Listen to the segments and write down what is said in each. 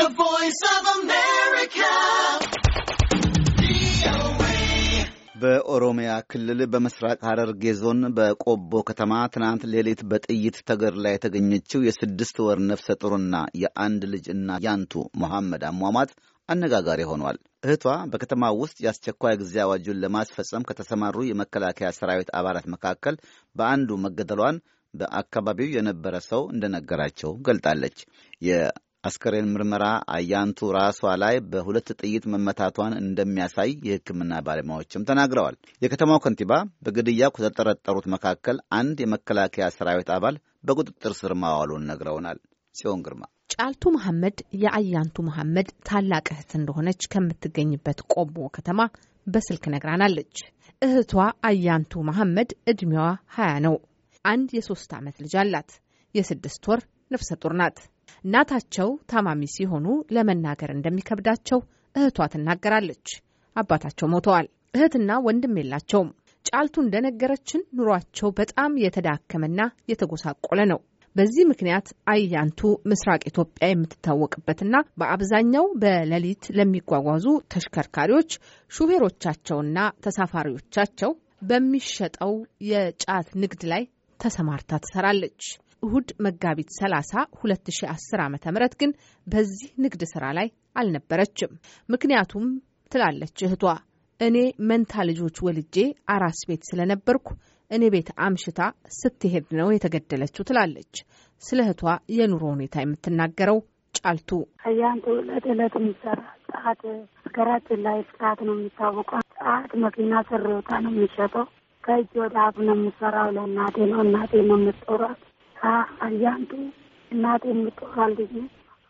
The Voice of America. በኦሮሚያ ክልል በምስራቅ ሐረርጌ ዞን በቆቦ ከተማ ትናንት ሌሊት በጥይት ተገድላ የተገኘችው የስድስት ወር ነፍሰ ጡርና የአንድ ልጅ እና ያንቱ መሐመድ አሟሟት አነጋጋሪ ሆኗል። እህቷ በከተማ ውስጥ የአስቸኳይ ጊዜ አዋጁን ለማስፈጸም ከተሰማሩ የመከላከያ ሰራዊት አባላት መካከል በአንዱ መገደሏን በአካባቢው የነበረ ሰው እንደነገራቸው ገልጣለች። አስከሬን ምርመራ አያንቱ ራሷ ላይ በሁለት ጥይት መመታቷን እንደሚያሳይ የሕክምና ባለሙያዎችም ተናግረዋል። የከተማው ከንቲባ በግድያ ከተጠረጠሩት መካከል አንድ የመከላከያ ሰራዊት አባል በቁጥጥር ስር ማዋሉን ነግረውናል። ጽዮን ግርማ ጫልቱ መሐመድ የአያንቱ መሐመድ ታላቅ እህት እንደሆነች ከምትገኝበት ቆቦ ከተማ በስልክ ነግራናለች። እህቷ አያንቱ መሐመድ ዕድሜዋ ሀያ ነው። አንድ የሶስት ዓመት ልጅ አላት። የስድስት ወር ነፍሰ ጡር ናት። እናታቸው ታማሚ ሲሆኑ ለመናገር እንደሚከብዳቸው እህቷ ትናገራለች። አባታቸው ሞተዋል። እህትና ወንድም የላቸውም። ጫልቱ እንደነገረችን ኑሯቸው በጣም የተዳከመና የተጎሳቆለ ነው። በዚህ ምክንያት አያንቱ ምስራቅ ኢትዮጵያ የምትታወቅበትና በአብዛኛው በሌሊት ለሚጓጓዙ ተሽከርካሪዎች ሹፌሮቻቸውና ተሳፋሪዎቻቸው በሚሸጠው የጫት ንግድ ላይ ተሰማርታ ትሰራለች። እሁድ መጋቢት 30 2010 ዓ ም ግን በዚህ ንግድ ስራ ላይ አልነበረችም። ምክንያቱም ትላለች እህቷ እኔ መንታ ልጆች ወልጄ አራስ ቤት ስለነበርኩ እኔ ቤት አምሽታ ስትሄድ ነው የተገደለችው ትላለች። ስለ እህቷ የኑሮ ሁኔታ የምትናገረው ጫልቱ ከያን ዕለት ዕለት የሚሰራ ጣት ሀገራችን ላይ ጫት ነው የሚታወቀው። ጣት መኪና ስር ስሬውታ ነው የሚሸጠው። ከእጅ ወደ አፍ ነው የሚሰራው። ለእናቴ ነው እናቴ ነው የምትጦሯት። አያንቱ እናቴ የምትባል ልጅ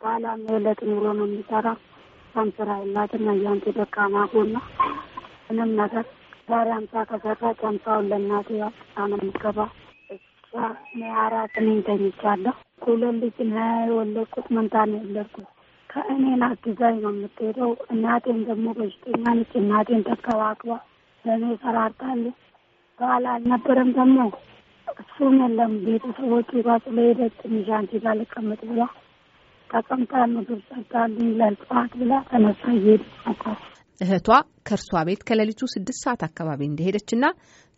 ባላ ባሏም የዕለት ኑሮ ነው የሚሰራ እሷም ስራ የላትም። አያንቱ ደካማ ጎና ምንም ነገር ዛሬ አምሳ ከሰራ አምሳውን ለእናቴ ያውጣ ነው የሚገባ እሷ እኔ አራት እኔን ተኝቻለሁ። ሁለት ልጅ ነው የወለድኩት፣ መንታ ነው የወለድኩት። ከእኔን አግዛኝ ነው የምትሄደው። እናቴን ደግሞ በሽተኛ ነች። እናቴን ተከባክባ ለእኔ ሰራርታለች። ባል አልነበረም ደግሞ እሱም የለም ቤተሰቦች ጋር ስለሄደ ትንሽ አንቺ ጋር ልቀመጥ ብላ ተቀምጣ ምግብ ይላል ለልጽዋት ብላ ተነሳ እየሄድ ነበር። እህቷ ከእርሷ ቤት ከሌሊቱ ስድስት ሰዓት አካባቢ እንደሄደችና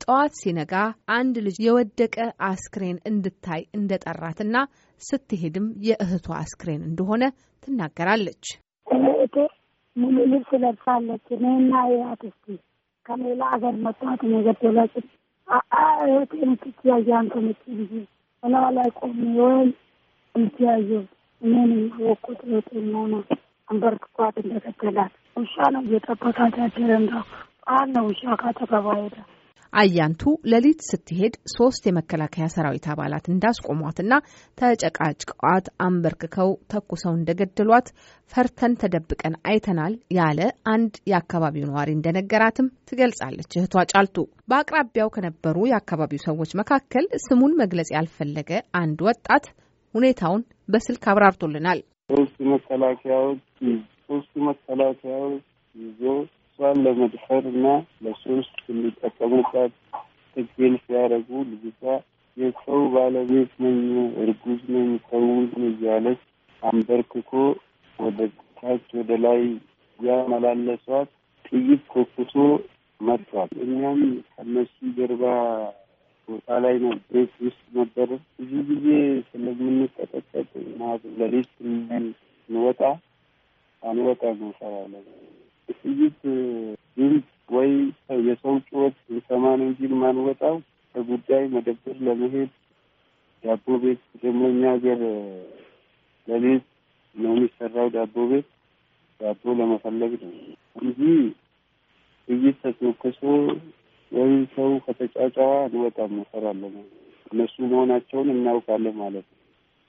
ጠዋት ሲነጋ አንድ ልጅ የወደቀ አስክሬን እንድታይ እንደጠራትና ስትሄድም የእህቷ አስክሬን እንደሆነ ትናገራለች። እህቴ ሙሉ ልብስ ለብሳለች። እኔና ያትስቲ ከሌላ አገር መጥቷት የገደሏችን እህቴ ምትተያየ አንተ መቼ ጊዜ እላዋ ላይ ቆሜ ወይም እምትያየው እኔን የማወቅኩት እህቴ መሆኗ አንበርክኳት እንደገደላት ውሻ ነው እየጠበቃት ያደረ እንደው ጣል ነው ውሻ ካጠገቧ ሄደ አያንቱ ሌሊት ስትሄድ ሶስት የመከላከያ ሰራዊት አባላት እንዳስቆሟትና ተጨቃጭቀዋት አንበርክከው ተኩሰው እንደገደሏት ፈርተን ተደብቀን አይተናል ያለ አንድ የአካባቢው ነዋሪ እንደነገራትም ትገልጻለች። እህቷ ጫልቱ በአቅራቢያው ከነበሩ የአካባቢው ሰዎች መካከል ስሙን መግለጽ ያልፈለገ አንድ ወጣት ሁኔታውን በስልክ አብራርቶልናል። ሶስት መከላከያዎች ሶስት መከላከያዎች ይዞ እሷን ለመድፈር እና ለሶስት የሚጠቀሙበት ትግል ሲያደርጉ ልጅቷ የሰው ባለቤት ነኝ፣ እርጉዝ ነኝ፣ ሰውን እያለች አንበርክኮ ወደ ታች ወደ ላይ ያመላለሷት ጥይት ኮኩሶ መጥቷል። እኛም ከነሱ ጀርባ ቦታ ላይ ቤት ውስጥ ነበር። ብዙ ጊዜ ስለምንቀጠቀጥ ለሌት ስንወጣ አንወጣ እንሰራለን የጥይት ድምፅ ወይ የሰው ጩኸት ልሰማን እንጂ ማንወጣው ከጉዳይ መደብር ለመሄድ ዳቦ ቤት ደግሞ እኛ ሀገር ለሌት ነው የሚሰራው ዳቦ ቤት ዳቦ ለመፈለግ ነው እንጂ ጥይት ተተኩሶ ወይ ሰው ከተጫጫዋ አንወጣም፣ እንሰራለን። እነሱ መሆናቸውን እናውቃለን ማለት ነው።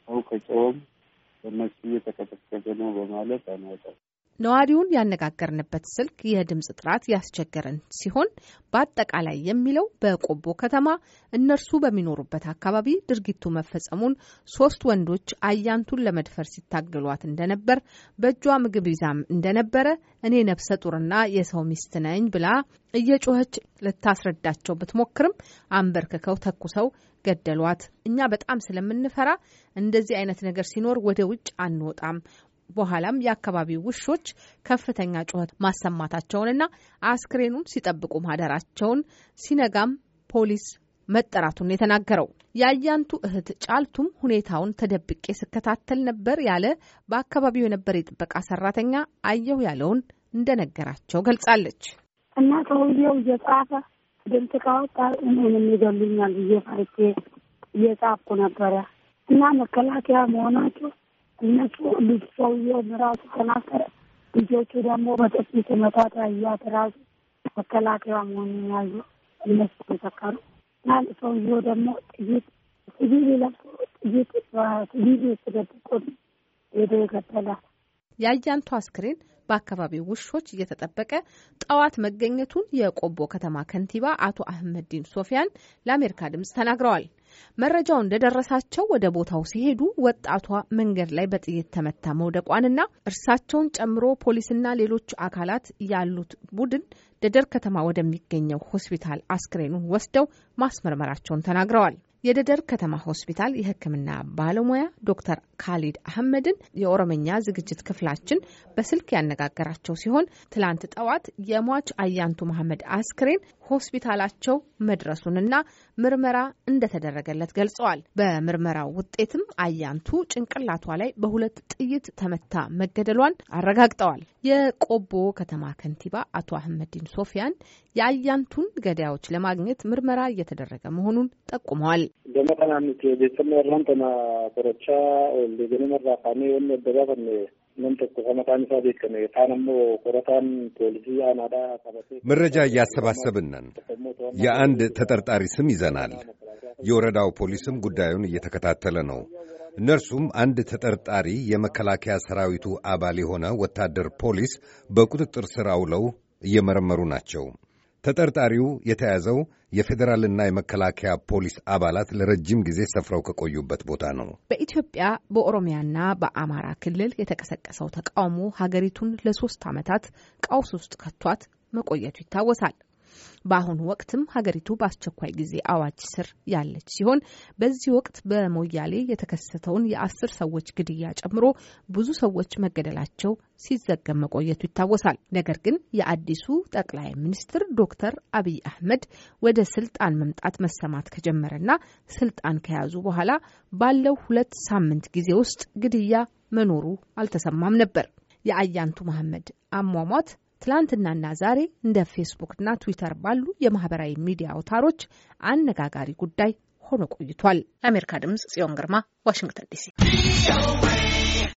ሰው ከጨወም በእነሱ እየተቀጠቀጠ ነው በማለት አንወጣም። ነዋሪውን ያነጋገርንበት ስልክ የድምፅ ጥራት ያስቸገረን ሲሆን በአጠቃላይ የሚለው በቆቦ ከተማ እነርሱ በሚኖሩበት አካባቢ ድርጊቱ መፈጸሙን ሶስት ወንዶች አያንቱን ለመድፈር ሲታገሏት እንደነበር በእጇ ምግብ ይዛም እንደነበረ እኔ ነፍሰ ጡርና የሰው ሚስት ነኝ ብላ እየጮኸች ልታስረዳቸው ብትሞክርም አንበርክከው ተኩሰው ገደሏት። እኛ በጣም ስለምንፈራ እንደዚህ አይነት ነገር ሲኖር ወደ ውጭ አንወጣም፣ በኋላም የአካባቢው ውሾች ከፍተኛ ጩኸት ማሰማታቸውንና አስክሬኑን ሲጠብቁ ማደራቸውን ሲነጋም ፖሊስ መጠራቱን የተናገረው የአያንቱ እህት ጫልቱም ሁኔታውን ተደብቄ ስከታተል ነበር ያለ በአካባቢው የነበር የጥበቃ ሰራተኛ አየሁ ያለውን እንደነገራቸው ገልጻለች። እና ሰውየው እየጻፈ ድምፅ ካወጣ እኔንም ይገሉኛል ብዬ ፈርቼ እየጻፍኩ ነበረ እና መከላከያ መሆናቸው እነሱ ልጅ ሰውየው ራሱ ተናገረ። ልጆቹ ደግሞ በጥፊት ተመታት። ያያት ራሱ መከላከያ መሆኑን ያዩ እነሱ ተሰከሩ ያን ሰውየው ደግሞ ጥይት ሲቪል ለብሶ ጥይት በሲቪል የተደብቆት ሄዶ የገደላት የአያንቱ አስክሬን በአካባቢው ውሾች እየተጠበቀ ጠዋት መገኘቱን የቆቦ ከተማ ከንቲባ አቶ አህመድዲን ሶፊያን ለአሜሪካ ድምጽ ተናግረዋል። መረጃው እንደደረሳቸው ወደ ቦታው ሲሄዱ ወጣቷ መንገድ ላይ በጥይት ተመታ መውደቋንና እርሳቸውን ጨምሮ ፖሊስና ሌሎች አካላት ያሉት ቡድን ደደር ከተማ ወደሚገኘው ሆስፒታል አስክሬኑን ወስደው ማስመርመራቸውን ተናግረዋል። የደደር ከተማ ሆስፒታል የሕክምና ባለሙያ ዶክተር ካሊድ አህመድን የኦሮምኛ ዝግጅት ክፍላችን በስልክ ያነጋገራቸው ሲሆን ትላንት ጠዋት የሟች አያንቱ መሐመድ አስክሬን ሆስፒታላቸው መድረሱንና ምርመራ እንደተደረገለት ገልጸዋል። በምርመራው ውጤትም አያንቱ ጭንቅላቷ ላይ በሁለት ጥይት ተመታ መገደሏን አረጋግጠዋል። የቆቦ ከተማ ከንቲባ አቶ አህመዲን ሶፊያን የአያንቱን ገዳዮች ለማግኘት ምርመራ እየተደረገ መሆኑን ጠቁመዋል። ምን መረጃ እያሰባሰብን ነን። የአንድ ተጠርጣሪ ስም ይዘናል። የወረዳው ፖሊስም ጉዳዩን እየተከታተለ ነው። እነርሱም አንድ ተጠርጣሪ የመከላከያ ሰራዊቱ አባል የሆነ ወታደር ፖሊስ በቁጥጥር ስር አውለው እየመረመሩ ናቸው። ተጠርጣሪው የተያዘው የፌዴራልና የመከላከያ ፖሊስ አባላት ለረጅም ጊዜ ሰፍረው ከቆዩበት ቦታ ነው። በኢትዮጵያ በኦሮሚያና በአማራ ክልል የተቀሰቀሰው ተቃውሞ ሀገሪቱን ለሶስት ዓመታት ቀውስ ውስጥ ከቷት መቆየቱ ይታወሳል። በአሁኑ ወቅትም ሀገሪቱ በአስቸኳይ ጊዜ አዋጅ ስር ያለች ሲሆን በዚህ ወቅት በሞያሌ የተከሰተውን የአስር ሰዎች ግድያ ጨምሮ ብዙ ሰዎች መገደላቸው ሲዘገብ መቆየቱ ይታወሳል። ነገር ግን የአዲሱ ጠቅላይ ሚኒስትር ዶክተር አብይ አህመድ ወደ ስልጣን መምጣት መሰማት ከጀመረና ስልጣን ከያዙ በኋላ ባለው ሁለት ሳምንት ጊዜ ውስጥ ግድያ መኖሩ አልተሰማም ነበር። የአያንቱ መሐመድ አሟሟት ትላንትናና ዛሬ እንደ ፌስቡክና ትዊተር ባሉ የማህበራዊ ሚዲያ አውታሮች አነጋጋሪ ጉዳይ ሆኖ ቆይቷል። ለአሜሪካ ድምጽ ጽዮን ግርማ ዋሽንግተን ዲሲ